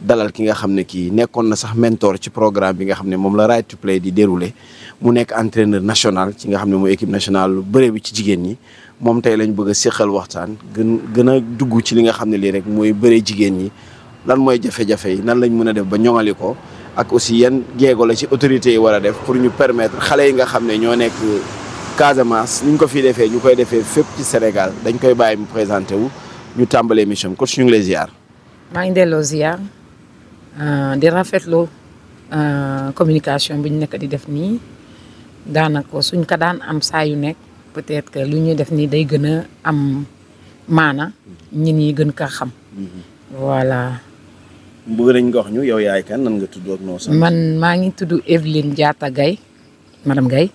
dalal ki nga xam ne kii nekkoon na sax mentor ci programme bi nga xam ne moom la Right to Play di déroulé mu nekk entraîneur national ci nga xam ne mooy équipe nationale lu bëre bi ci jigéen ñi moom tey lañ bëgg a waxtaan gën gën a dugg ci li nga xam ne lii rek mooy bëre jigéen ñi lan mooy jafe-jafe yi nan lañ mën a def ba ñoŋali ko ak aussi yan jéego la ci autorités yi war a def pour ñu permettre xale yi nga xam ne ñoo nekk Casamance ni ñu ko fi defee ñu koy defee fépp Sénégal dañ koy bàyyi mu présenté wu ñu tàmbalee mission coach ñu ngi lay ziar. Euh, di rafetlu euh, communication bi nek di def ni danako suñ ko daan am saa yu peut-être que lu def ni day gëna am mana ñin ñi gën ka xam. Mm-hmm. voilà. bëgg nañ nga wax ñu yow yaay kan nan nga tudd ak no man ma ngi tudd Evelyne Diata Gaye madame Gaye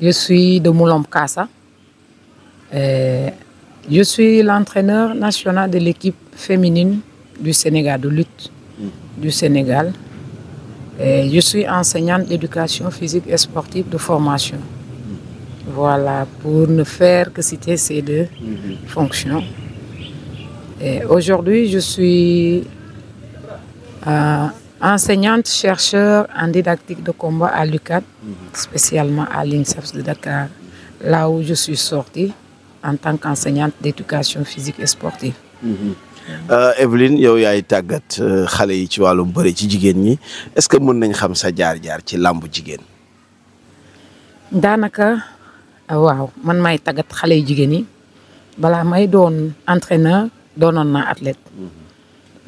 je suis de Moulom Kassa euh, je suis l'entraîneur national de l'équipe féminine du Sénégal de lutte du Sénégal. je suis enseignante d'éducation physique et sportive de formation. Voilà, pour ne faire que citer ces deux mhm. fonctions. Aujourd'hui, je suis euh, enseignante chercheur en didactique de combat à l'UCAT, mhm. spécialement à l'INSEF de Dakar, là où je suis sortie en tant qu'enseignante d'éducation physique et sportive. Mhm. Euh, Evelyne yow yaay tagat euh, xalé yi ci walum bëri ci jigen ñi est-ce que mën nañ xam sa jaar-jaar ci lamb jigen danaka euh, waaw man may tagat xalé yi jigen yi bala may doon entraîneur doonoon na athlète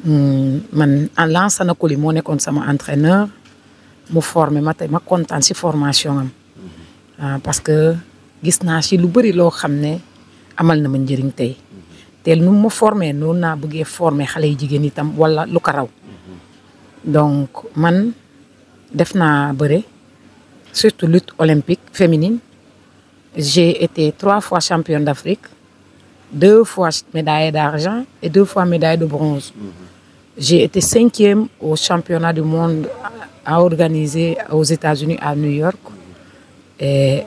hmm, man Lansana li mo nekkon sama entraîneur mu formé ma tay ma kontaan ci formation am mhm. ah, parce que gis na ci lu bëri lo xam amal na ma njëriñ tay nous nous, me nous nous na bëggee former, xale yu itam wala lu donc man def naa bëre surtout lutte olympique féminine j'ai été trois fois championne d'Afrique deux fois médaille d'argent et deux fois médaille de bronze j'ai été cinquième au championnat du monde à organiser aux États-Unis à New York et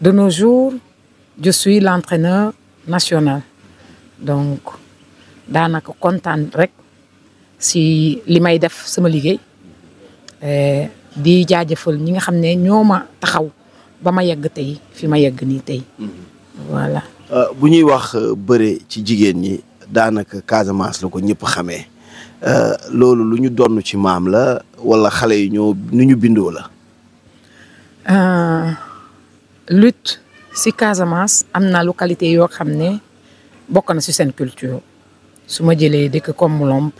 de nos jours je suis l'entraîneur national donc daanaka kontaan rek si li may def sama liggéey eh, di jaajëfal ñi nga xam ne ñoo ma taxaw ba ma yegg tey fi ma yegg nii tey. Mm-hmm. voilà. Euh, bu ñuy wax euh, bëre ci jigéen ñi daanaka Casamance la ko ñëpp xamee euh, loolu lu ñu donn ci maam la wala xale yi ñoo nu ñu bindoo la. lutte si Casamance am na localité yoo xam ne. bokk na si seen culture suma ma dék dëkk comme Lomp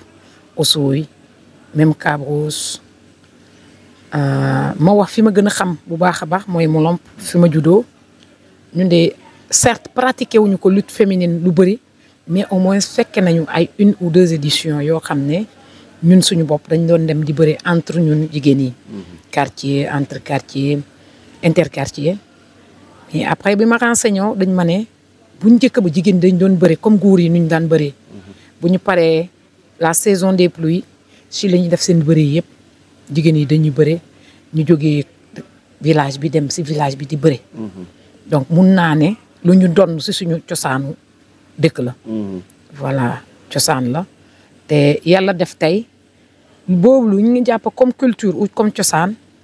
Oussouye même euh ma wax fi ma gëna xam bu baaxa baax moy mu Lomp fi ma ñun de certes pratiqué wuñu ko lutte féminine lu bëri mais au moins fekke nañu ay une ou deux éditions yo xamné ñun suñu bop dañ doon dem di bëri entre ñun jigéen yi mhm. quartier entre quartier interquartier et après bi ma renseigné dañ ma bu njëkk ba jigéen dañ doon bëri comme góor yi nu ñu daan bëree. bu ñu paree la saison des pluies si la ñuy def seen bëri yëpp jigéen yi dañuy bëri ñu jógee village bi dem si village bi di bëri. donc mun naa ne lu ñu donn si suñu cosaanu dëkk la. voilà cosaan la te yàlla def tey boobu lu ñu ngi jàpp comme culture ou comme cosaan.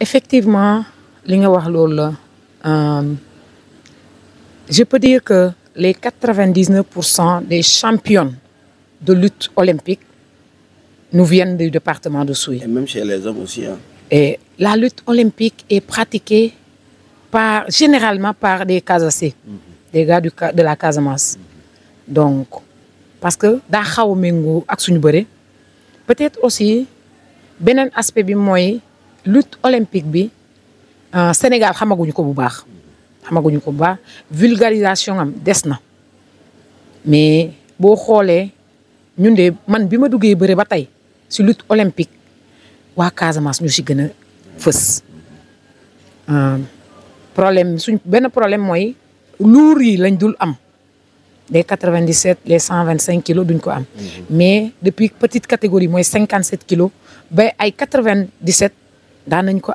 effectivement euh, je peux dire que les 99% des champions de lutte olympique nous viennent du département de Souy. Et même chez les hommes aussi. Hein. Et la lutte olympique est pratiquée généralement par des Casacés, mhm. des gars de la Casamance. Mhm. Donc, parce que dans Mengo, peut-être aussi, un aspect, lutte olympique bi euh, Sénégal xamaguñu ko bu baax ko vulgarisation am des mais bo xolé ñun de man bima duggé béré ba tay lutte olympique wa Casamance ñu si gëna a euh, problème suñ un problème moy lañ dul am les 97 les 125 kilos duñ ko am. Mm-hmm. mais depuis petite catégorie moins 57 kilos ba ay 97 daan nañ ko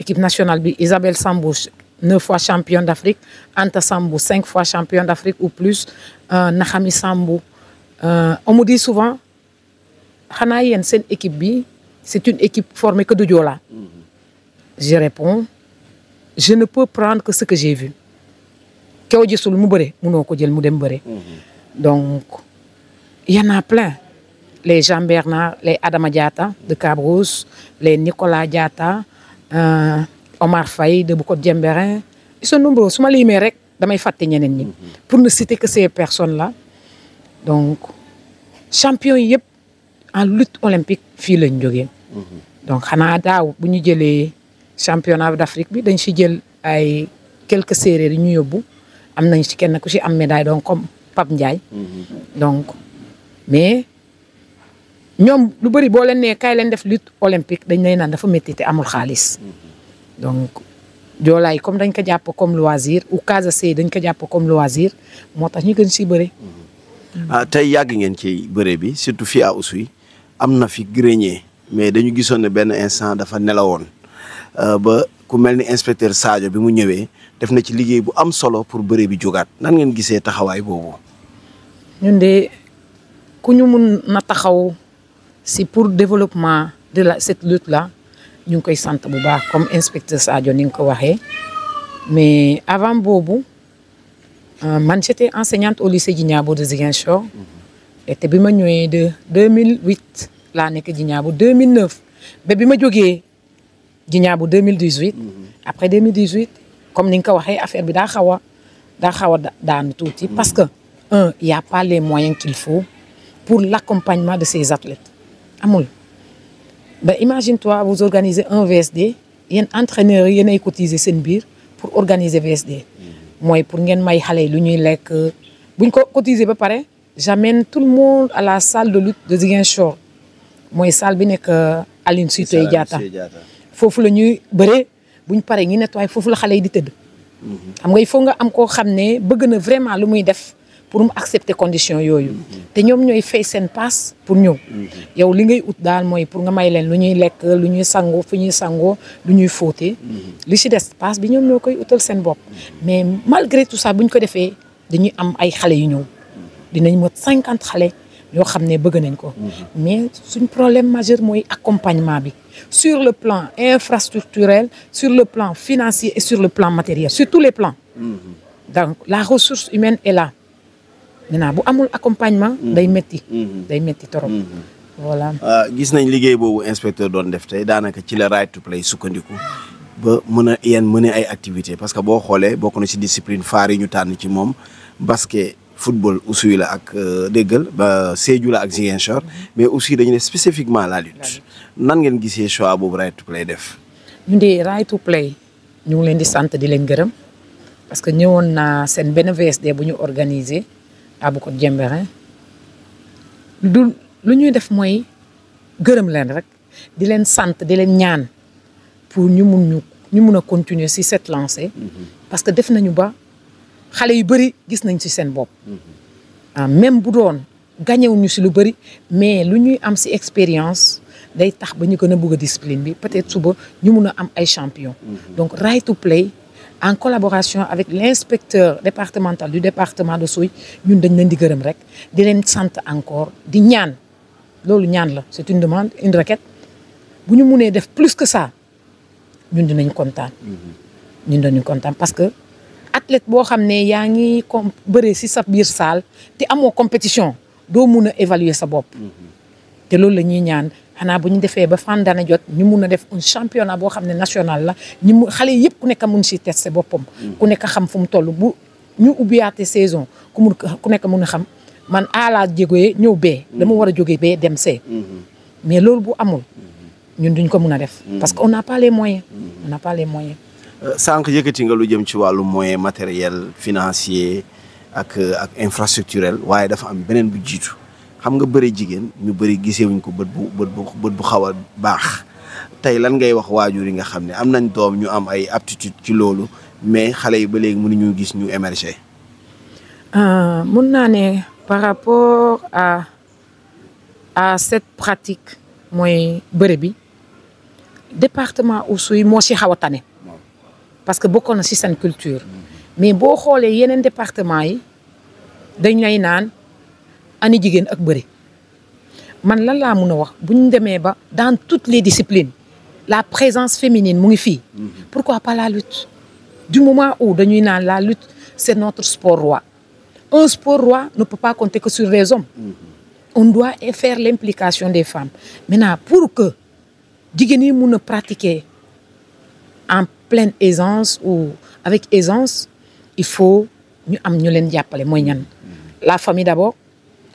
équipe nationale Isabelle Sambou neuf fois championne d'Afrique Anta Sambou cinq fois championne d'Afrique ou plus euh, Nahami Sambou euh, on me dit souvent xanaa équipe bi c'est une équipe formée que de Diola mm-hmm. je réponds je ne peux prendre que ce que j'ai vu Donc, gisul mu ko mu mm-hmm. donc y en a plein les Jean Bernard, les Adama Diata de Cabrousse, les Nicolas Diata, euh, Omar Faye de Boucot Djemberin. Ils sont nombreux. Si je les mets, je Pour ne citer que ces personnes-là. Donc, champions en lutte olympique, fille le Ndjogé. Donc, Canada daaw bu ñu les championnat d'Afrique bi dañ si jël quelques séries de ñu yóbbu am nañ si kenn médaille comme Pape Ndiaye. Mhm. donc mais Nyom lu bëri boo leen nee kaay leen def lutte olympique dañ lay dafa amul kalis, donc joolaay comme dañ ko jàpp comme loisir ou Casa Sey dañ ko jàpp comme loisir moo tax ñu gën si bëre. ah tey yàgg ngeen ci bëre bi surtout fii à Oussouye am na fi grenier mais dañu instant dafa euh, ba ku ni inspecteur Sadio bi mu ñëwee def na ci liggéey bu am solo pour bëre bi jógaat nan ngeen gisee taxawaay boobu. ñun de ku ñu mun taxaw C'est pour le développement de cette lutte là ñu nous koy sant bu comme inspecteur Sadio mais avant Bobo, euh, man j'étais enseignante au lycée Djignabo de Ziguinchor mhm. et te bi de 2008 l'année que 2009 Mais bi ma jógee 2018. Mhm. après 2018 comme Ninkawahe, nga ko affaire bi mhm. parce que un il n'y a pas les moyens qu'il faut pour l'accompagnement de ces athlètes. Amoul. Ben bah, imagine toi vous organisez un VSD yéen entraîneurs yi yéen a cotiser seen biir pour organiser VSD mm. mooy pour ngeen may xale yi lu ñuy lekk buñ ko cotiser ba j'amène tout le monde à la salle de lutte de Ziguinchor mooy salle bi nekk euh, Aline à Diatta foofu la ñuy bëree buñ paree ñi nettoyé foofu la xale yi di tëdd mm-hmm. xam nga il faut nga am koo xam ne na vraiment lu muy def pour accepter condition conditions. te ñoom ñooy fay seen passe pour nous. yow li ngay out passe pour nga may avons lu ñuy passe lu ñuy sango fu ñuy sango passe ñuy fóotee li ci des paas bi ñoom ñoo mais malgré tout ça nous avons ko une dañuy am ay Nous avons fait 50 mot pour nous. yoo xam bëgg nañ ko mais suñ problème majeur est accompagnement sur le plan infrastructurel sur le plan financier et sur le plan matériel sur tous les plans donc la ressource humaine est là nee naa bu amul accompagnement. Mhm. day métti. Mhm. day métti torop mhm. voilà. Euh, gis nañ liggéey boobu inspecteur doon def tey daanaka ci la right to play sukkandiku ba mën a yéen mën ay activité parce que boo xoolee bokk na si discipline phare yi ñu tànn ci moom basket football aussi la ak euh, déggal ba Sédhiou la ak Ziguinchor mais aussi dañu ne spécifiquement la nan ngeen gisee choix boobu right to play def. ñu di right to play ñu ngi leen di sant di leen gërëm parce que ñëwoon naa seen benn VSD bu ñu organiser. Abou de du lu ñuy def moy gërëm leen rek di leen sante, di leen ñaan pour ñu mënu ñu ñu mun continuer ci cette lancée. Mm-hmm. parce que def nañu ba xalé yu bari gis nañ si seen bopp. Mm-hmm. Ah, même bu doon wuñu ci lu bari, mais lu ñuy am ci expérience day tax ba ñu gëna bëgg discipline bi peut-être suba ñu mëna am ay champions mm-hmm. donc right to play en collaboration avec l'inspecteur départemental du département de Souy nous avons leen di gërëm rek di leen sant encore di ñaan loolu ñaan c'est une demande une requête Si nous mënee def plus que ça ñun dinañ kontaan. Mm-hmm. ñun dañu contents, parce que athlète boo xam ne yaa ngi com bëree si sa biir salle te amoo compétition ne peut pas évaluer sa C'est ce que la ñuy ñaan. On bu ñu defee ba fan dana jot ñu a def un championnat national la ñu mu xale yëpp ku nekk mun si tester boppam. ku nekk xam fu mu toll bu ñu saison ku mun ku nekk a man mais loolu bu amul ñun duñ ko parce que n'a pas les moyens. on n'a pas les moyens. Euh, nga lu jëm ci matériel financier ak euh, infrastructurel dafa am xam nga bëri jigen ñu bëri wuñ ko bët bu bët bu bët bu xawa a baax tey lan ngay wax wajur yi nga xam am nañ doom ñu am ay aptitude ci lolu mais xalé yi ba mënu ñu gis ñu émerger euh, mën na ne par rapport à à cette pratique moy bëre bi département Oussouye moo mo ci xawa tané parce que bokkoon ci sen culture mm-hmm. mais bo xolé yenen département yi dañ lay nane ani ak man dans toutes les disciplines la présence féminine mhm. pourquoi pas la lutte du moment où dañuy na la lutte c'est notre sport roi un sport roi ne peut pas compter que sur les hommes mhm. on doit e faire l'implication des femmes maintenant pour que nous yi pratiquer en pleine aisance ou avec aisance il faut ñu am ñu leen mhm. la famille d'abord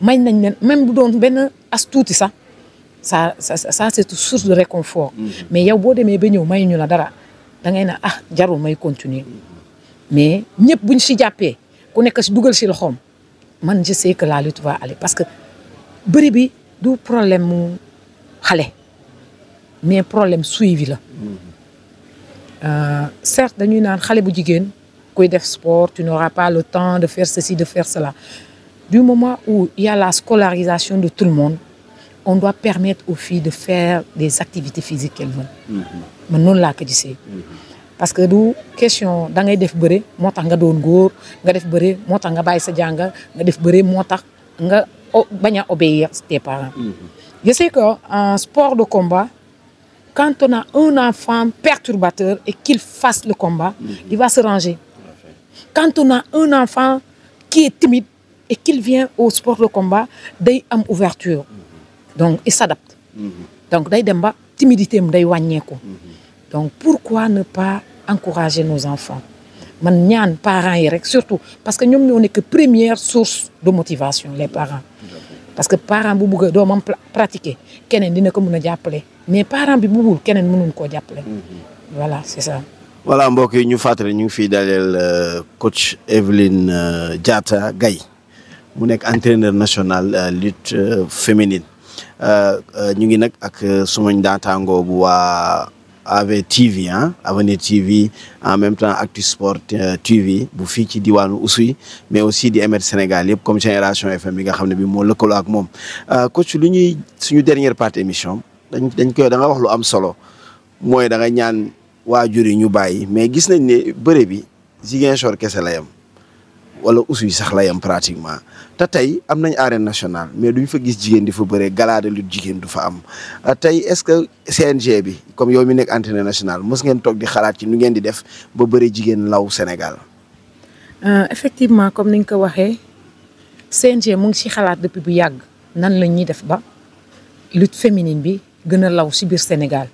may nañ même bu doon ben as ça, ça ça ça c'est une source de réconfort. Mm-hmm. mais yow boo demee ba ñëw mayuñu la dara da ngay na ah jarul may continuer mais ñepp buñ ci jappé ku nekk si duggal ci loxom man je sais que la lutte va aller parce que bëri bi du problème mu xale mais problème suivi la. Mm-hmm. Euh, certes dañuy naan xalé bu jigen koy def sport tu n'auras pas le temps de faire ceci de faire cela du moment où il y a la scolarisation de tout le monde, on doit permettre aux filles de faire des activités physiques qu'elles veulent. Mhm. non là que tu sais. Mhm. parce que d'où question dans les def moi moo nga doon góor nga def moi moo nga bàyyi sa djanga, nga def bëre moo nga bañ obéir tes parents. Mhm. je sais que en sport de combat quand on a un enfant perturbateur et qu'il fasse le combat. il va se ranger. quand on a un enfant qui est timide et qu'il vient au sport de combat a une ouverture donc il s'adapte donc day a une timidité donc pourquoi ne pas encourager nos enfants man parents surtout parce que nous sommes que première source de motivation les parents parce que les parents doivent a pratiquer keneen dina ko a mais les parents nous peuvent pas voilà c'est ça voilà nous yi ñu fàttali ñu euh, coach Evelyne euh, Djata Gaye mu nekk entraîneur national euh, lutte euh, féminine euh, ñu ngi nag ak sumuñ daataangoo bu waa AV TV ah Avenir TV en même temps Actu Sport TV bu fii ci diwaanu aussi mais aussi di MR Sénégal yëpp comme Génération FM bi nga xam ne bi moo lëkkaloo ak moom coach lu ñuy suñu dernière partie émission dañ dañ koy da nga wax lu am solo mooy da nga ñaan waajur yi ñu bàyyi mais gis nañ ne bëre bi Ziguinchor kese la yam wala usu sax la yam pratiquement ta tay am nañ arène nationale mais duñ fa gis jigen di fa bëree gala de lutte jigéen du fa am euh, tay est-ce que CNG bi comme yow mi nek antenne nationale mos ngeen tok di xalat ci nu ngeen di def ba bëri jigen law Sénégal. euh effectivement comme niñ ko waxé CNG mu ngi ci xalat depuis bu yàgg nan la ñuy def ba lutte féminine bi gëna law ci bir Sénégal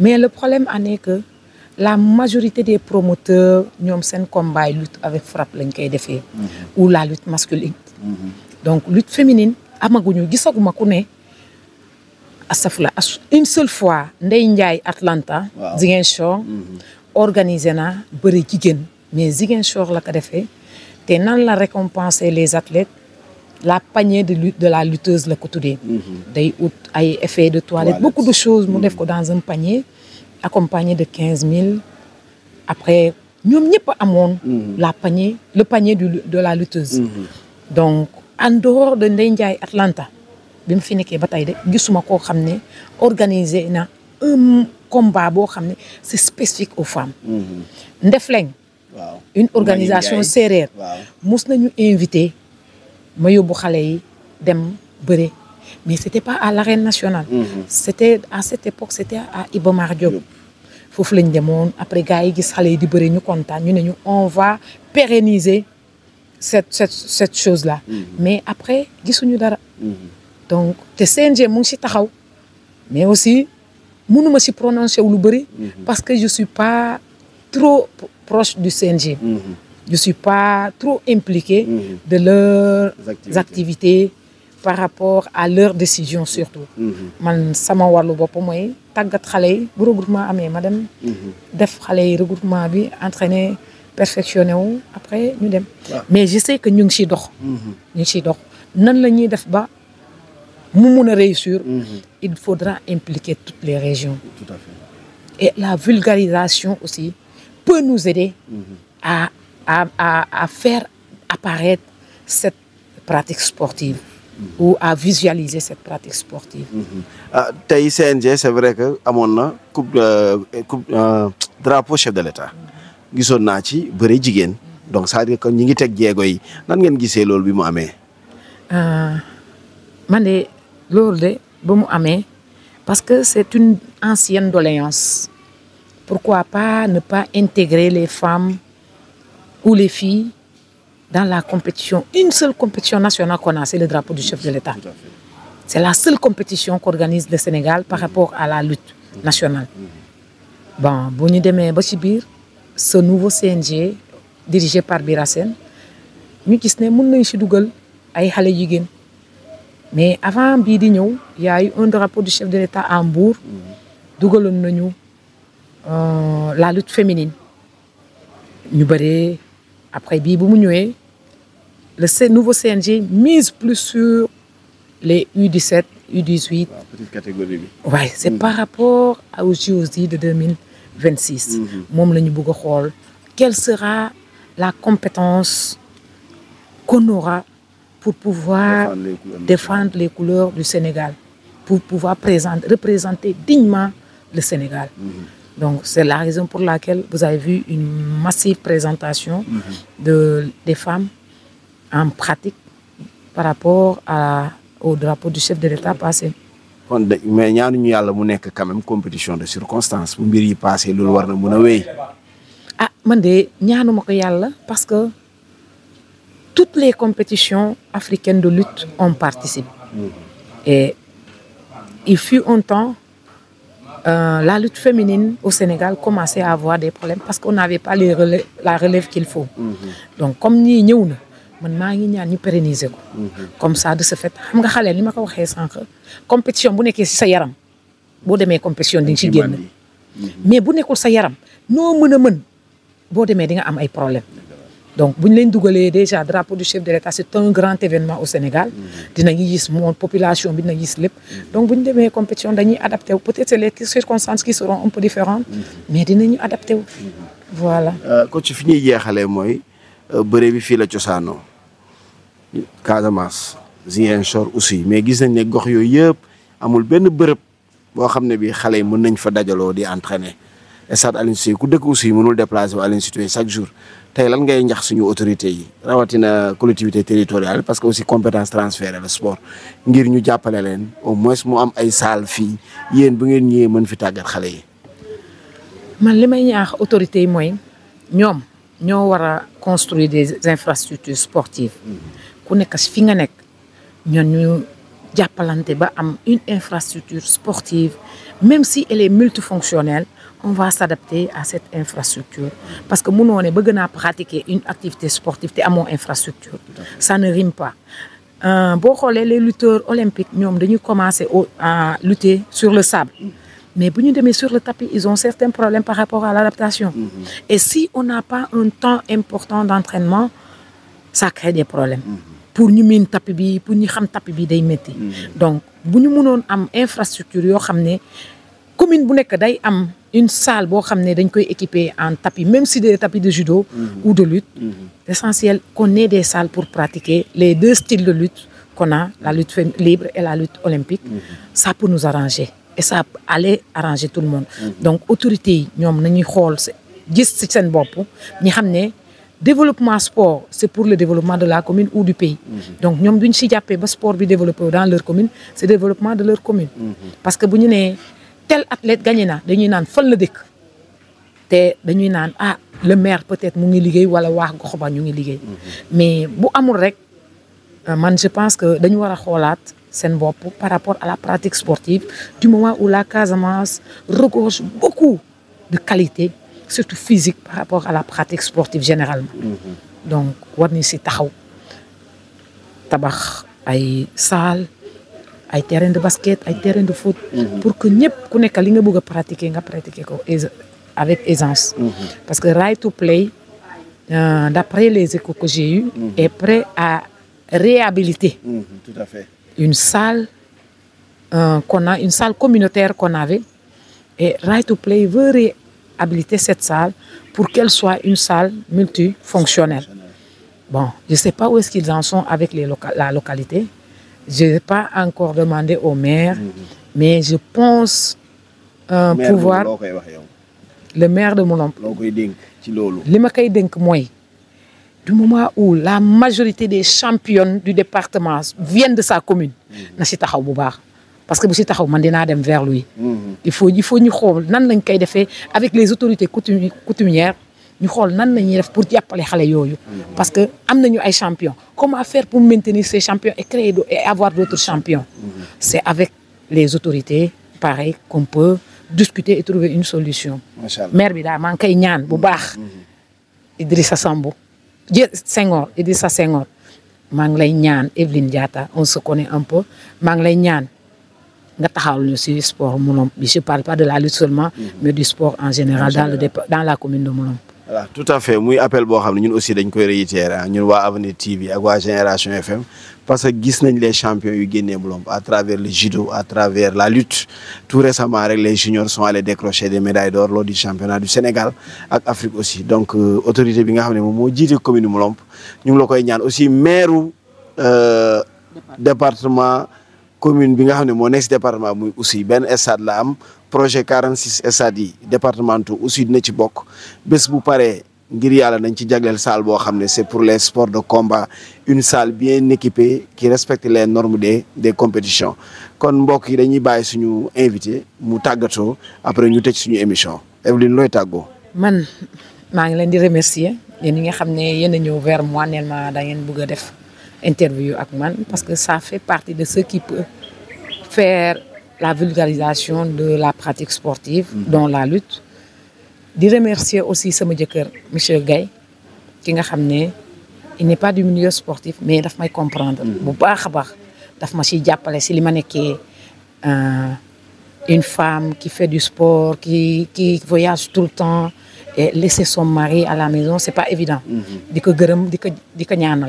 mais le problème en est que la majorité des promoteurs ñoom seen combat lutte avec frappe lañ koy defee. Mhm. ou la lutte masculine. Mhm. donc lutte féminine amaguñu gisaguma ku je connais. une seule fois Ndeye Atlanta. waaw Ziguinchor. Mhm. organiser na bëri jigéen mais Ziguinchor la ko fait te nan la récompenser les athlètes la panier de lutte de la lutteuse le ko tuddee. day ut effets de toilette beaucoup de choses mu def dans un panier accompagné de 15 000. Après, nous avons mhm. la panier, le panier de la lutteuse. Mhm. Donc, en dehors de l'Atlanta, Atlanta, bi fini fi organisé un combat spécifique aux femmes. Mhm. Ndefleng. waaw une organisation sérieuse. Nous avons invité les femmes à yi dem bëre. Mais c'était pas à l'arène nationale. Mhm. C'était à cette époque, c'était à Ibomar Diop. Yep. lañ après gaay gis xalé di bëri ñu ñu on va pérenniser cette cette cette chose là. Mhm. Mais après gisuñu dara. Mhm. Donc té CNG mu ngi ci Mais aussi mënuma ci prononcer lu bëri parce que je suis pas trop proche du CNG. Je suis pas trop impliqué de leurs activités par rapport à leur décision surtout. Mhm. man sama walu bop moy tagat xalé bu regroupement amé ma dem. Mhm. def xalé regroupement bi entraîner perfectionner, après ñu dem. Ah. mais je sais que ñu ngi siy dox. Mhm. ñu ci dox nan la ñuy def ba mu réussir. il faudra impliquer toutes les régions. Tout à fait. et la vulgarisation aussi peut nous aider. à à à faire apparaître cette pratique sportive ou à visualiser cette pratique sportive. Mhm. Ah, Taï CNG c'est vrai que mon nom, coupe euh, coupe euh, drapeau chef de l'État gisoon naa ci donc ça, veut dire que nous ngi teg jéego yi nan ngeen gisee loolu bi mu amee. Euh, man de parce que c'est une ancienne doléance pourquoi pas ne pas intégrer les femmes ou les filles dans la compétition, une seule compétition nationale qu'on a, c'est le drapeau du chef de l'État. C'est la seule compétition qu'organise le Sénégal par rapport à la lutte nationale. Bon, Bouni Deme bir ce nouveau CNG dirigé par Birasen, nous qui sommes tous dougal ay mais avant il y a eu un drapeau du chef de l'état à Hambourg dougalon nañu euh, la lutte féminine ñu après le nouveau CNG mise plus sur les U17 U18. C'est petite catégorie c'est mm. par rapport aux JO de 2026. Mm-hmm. quelle sera la compétence qu'on aura pour pouvoir défendre les couleurs, du Sénégal pour pouvoir représenter dignement le Sénégal. Mm-hmm. Donc c'est la raison pour laquelle vous avez vu une massive présentation mhm. de, des femmes en pratique par rapport au drapeau du chef de l'État mhm. passé. mais il a quand même compétition de circonstances, pour mbir passé ah, de war ah parce que toutes les compétitions africaines de lutte ont participé. Mhm. et il fut un temps euh, la lutte féminine au Sénégal commençait à avoir des problèmes parce qu'on n'avait pas la relève qu'il faut. Mhm. Donc comme nous sommes na man maa mhm. comme ça de ce fait je nga xale li que compétition si vous yaram boo demee compétition di si vous mhm. mais bu nekkul sa yaram des problèmes donc bu ñu leen dugalee déjà drapeau du chef de l'État c'est un grand événement au Sénégal. Mm-hmm. dinañu gis moom population bi dinañu gis lépp. Mm-hmm. donc bu ñu compétition dañuy adapter. wu peut-être les circonstances qui seront un peu différentes. Mm-hmm. mais dinañu adapté wu. voilà. coach euh, fi ñuy jeexalee mooy euh, bëre bi fii la cosaanoo Casamance Ziguinchor aussi mais gis nañ ne gox yooyu yëpp amul benn bërëb boo xam ne bii xale yi mën nañ fa dajaloo di entraîner stade Aline Sitoé ku dëkk aussi mënul déplacer wu Aline Sitoé chaque jour tay lan ngay ñax suñu autorité yi rawatina collectivité territoriale parce que aussi compétence transférée le sport ngir ñu jappalé len au moins mu am ay salle fi yeen bu ngeen ñëwee mën fi tagat xalé yi. man limay ñax autorité yi mooy ñoom construire des infrastructures sportives ku nekk fi nga nekk ñoon ñu jàppalante ba am une infrastructure sportive même si elle est multifonctionnelle on va s'adapter à cette infrastructure. Parce que nous, on est pratiquer une activité sportive à mon infrastructure. Ça ne rime pas. Euh, les lutteurs olympiques, nous avons commencé à lutter sur le sable. Mais si nous sur le tapis, ils ont certains problèmes par rapport à l'adaptation. Mm-hmm. Et si on n'a pas un temps important d'entraînement, ça crée des problèmes. Mm-hmm. Pour nous, le tapis, pour nous, nous tapis, des tapis. Mm-hmm. Donc, si nous avons une infrastructure, commune, bu commune, day am une salle qui xamné équipée dañ koy équiper en tapis même si des tapis de judo mhm. ou de lutte mhm. l'essentiel qu'on ait des salles pour pratiquer les deux styles de lutte qu'on a la lutte libre et la lutte olympique mhm. ça pour nous arranger et ça allait arranger tout le monde donc autorité nous, ñoom xol gis ci sen bop ñi développement sport c'est pour le développement de la commune ou du pays donc ñom duñ ci jappé ba sport bi développer dans leur commune c'est développement de leur commune parce que bu ñu tel athlète gagné na dañuy très fan la dañuy ah le maire peut-être mu ngi liggéey wala wax ñu ngi mhm. mais bu amul rek euh, man je pense que dañu wara a sen bop par rapport à la pratique sportive du moment où la Casamance regorge beaucoup de qualité surtout physique par rapport à la pratique sportive généralement. Mhm. donc war ni si taxaw tabax ay sale ay terrain de basket ay terrain de foot. Mhm. pour que ñep ku nekk li pratiquer avec aisance. Mhm. parce que Right to Play euh, d'après les échos que j'ai eus. Mhm. est prêt à réhabiliter. une salle euh, qu'on a une salle communautaire qu'on avait et Right to Play veut réhabiliter cette salle pour qu'elle soit une salle multifonctionnelle. Bon, je ne sais pas où est-ce qu'ils en sont avec les la localité. Je n'ai pas encore demandé au maire, mhm. mais je pense euh, pouvoir. le maire de Moulamp. le ma du moment où la majorité des champions du département viennent de sa commune. Mhm. parce que bu si taxaw man vers lui. Mhm. il faut il faut ñu xool nan avec les autorités coutumières ñu xool nan la pour les parce que am nañu des champions. comment faire pour maintenir ces champions et créer et avoir d'autres champions. c'est avec les autorités pareil qu'on peut discuter et trouver une solution. macha allah maire bi Idrissa Sambo Senghor Idrissa Senghor maa Evelyne Diata on se connaît un peu maa Nyan, lay ñaan. nga sport parle pas de la lutte seulement mm-hmm. mais du sport en général dans dans la commune de Moulon tout à fait nous appel bo xam ñun aussi dañ koy réitérer ah, ñun wa TV ak Génération FM parce que gis nañ les champions yu génnee à travers le judo à travers la lutte tout récemment les juniors sont allés décrocher des médailles d'or lors du championnat du Sénégal ak Afrique aussi donc euh, autorité bi nga xam mo jité commune Mlomp ñu la koy ñaan aussi maire euh, département commune bi nga département muy aussi ben stade la am projet 46 stades département départementaux aussi ne ci bokk bés bu paré ngir yalla nañ ci jagleel salle bo xamné c'est pour les sports de combat une salle bien équipée qui respecte les normes des des compétitions kon mbok yi dañuy bàyyi suñu invité mu tagato après ñu tëj suñu émission Evelyne loy tàggoo. man ma ngi leen di remercier yéen ñi nga xamné ne yéen a ñëw vers moi neen ma da ngeen bëgg def interview ak man parce que ça fait partie de ce qui peut faire la vulgarisation de la pratique sportive, mhm. dans la lutte. di remercier aussi ce monsieur Gay qui nga il n'est pas du milieu sportif mais il faut comprendre. bu daf une femme qui fait du sport qui qui voyage tout le temps et laisser son mari à la maison c'est pas évident. que mhm. ko gërëm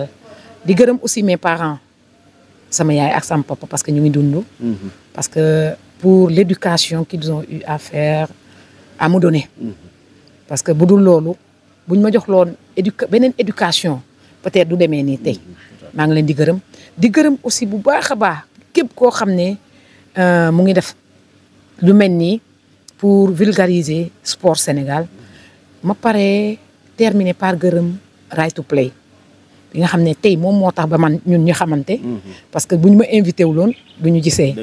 que aussi mes parents sama yaay ak sama papa parce que ñu ngi dund. Mhm. parce que pour l'éducation qu'ils ont eu à faire à me donner. Mhm. parce que bu dul lolu buñ ma jox loon benen éducation peut-être du démé ni tay ma ngi leen di gëreum di gëreum aussi bu baaxa ba baax képp koo xam ne euh, mu ngi def lu melni pour vulgariser sport Sénégal ma paré terminer par gëreum right to play. bi nga xam ne tey moom moo tax ba man ñun ñu xamante. Mm-hmm. parce que bu ñu ma invité wu loon du ñu gisee.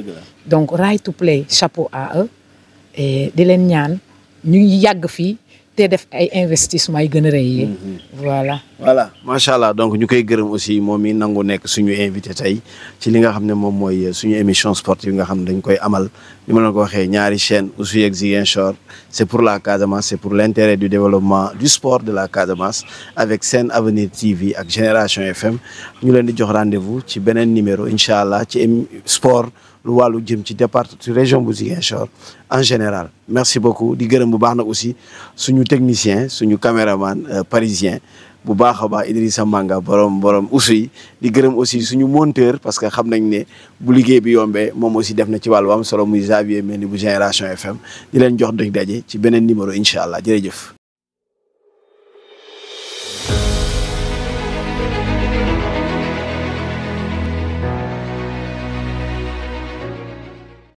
donc right to play chapeau à e di leen ñaan ñu yàgg fii. te def ay investissement yi gën a rëy yi mhm. voilà voilà macha allah donc ñu koy gërëm aussi moom mi nangu nekk suñu invité tey ci li nga xam ne moom mooy suñu émission sportive nga xam ne dañ koy amal ni ma la ko waxee ñaari chaîne Oussouye ak Ziguinchor c' est pour la Casamance c' est pour l' intérêt du développement du sport de la Casamance avec scène, Avenir TV ak Génération FM ñu leen di jox rendez-vous ci beneen numéro incha allah ci sport lu wàllu jëm ci départ région bu en général merci beaucoup di gërëm bu aussi suñu technicien suñu caméraman euh, parisien bu baax a Idrissa Manga borom borom usu yi di aussi suñu monteur parce que xam nañ ne bu liggéey bi aussi def na ci wàllu am solo muy Xavier Mendy Génération FM di leen jox doj daje ci beneen numéro Inshallah. allah jërëjëf